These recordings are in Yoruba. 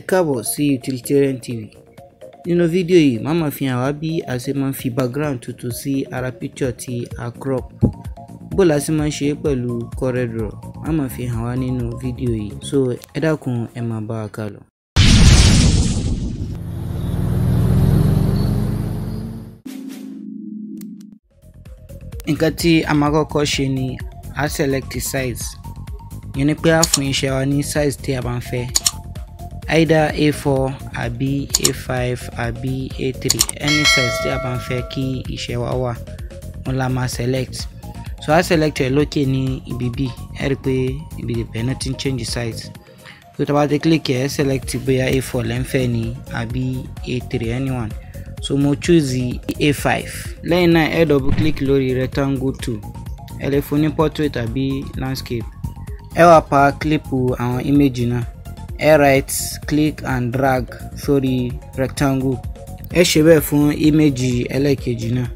ẹ káàbọ̀ sí utilitarian tv nínú fídíò yìí màá máa fi hàn wá bí a ṣe máa ń fi background tuntun sí ara picture tí a crop bó la ṣe máa ń ṣe pẹ̀lú CorelDRAW màá máa fi hàn wá nínú fídíò yìí so ẹ dákun ẹ máa bá a kálọ. nǹkan tí a máa kọ́kọ́ ṣe ni a select size yẹn ni pé a fún iṣẹ́ wa ní size tí a bá ń fẹ́ either a4 àbí a5 àbí a3 any size tí a bá ń fẹ́ kí iṣẹ́ wa wà wọn la máa select so a select rẹ̀ lókè ní ibi bí ẹ rí i pé ibi the pen ti ń change size so tí a bá ti click ẹ select bóyá a4 lẹ́ ń fẹ́ ni àbí a3 anyone so mo choose a5 lẹ́yìn náà ẹ double click lórí rectangle tool ẹ lè fún ní portrait àbí landscape ẹ wá pa clip àwọn image náà air right click and drag sórí rectangle ẹ ṣe bẹ́ẹ̀ fún íméjì ẹlẹ́ẹ̀kejì náà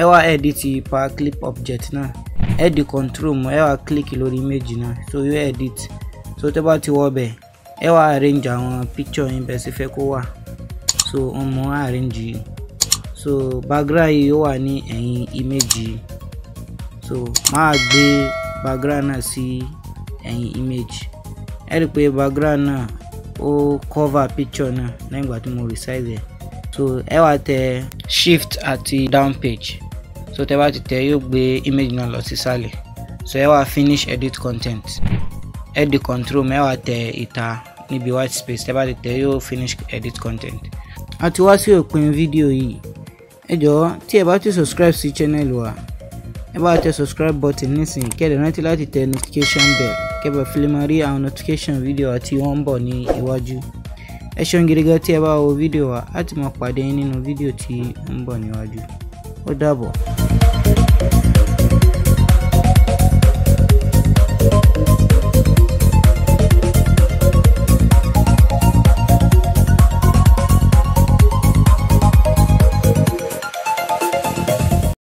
ẹ wá edit power clip object náà ẹ di control mọ ẹ wá click lórí image náà so yóò edit so tẹ́ bá ti wọ bẹ̀ ẹ wá arrange àwọn picture yín bẹ́ẹ̀ sì fẹ́ kó wà so wọ́n mọ arrange yìí so background yìí yóò wà ní ẹ̀yìn image yìí so máa gbé background náà sí ẹ̀yìn image ẹ pé background náà ó cover picture náà lẹ́yìn ìgbà tí mo resize ẹ̀ so ẹ wá tẹ shift àti down page so tẹ bá ti tẹ yóò gbé image náà lọ sísàlẹ̀ so ẹ wá finish edit content ẹ di control mẹ wá tẹ ìta níbi white space tẹ bá ti tẹ yóò finish edit content a ti wá sí òpin fídíò yìí ẹ jọ̀ọ́ tí ẹ bá ti subscribe sí channel wa ẹ bá tẹ subscribe button nísìnyí kí ẹ lè rántí láti tẹ notification bell kẹ́bọ̀ fi lè rí àwọn notification video àti wọ́n ń bọ̀ ní iwájú ẹ ṣeun gidi gan tí ẹ bá wo video wa á ti máa pàdé nínú fídíò tí ń bọ̀ níwájú ó dàbọ̀.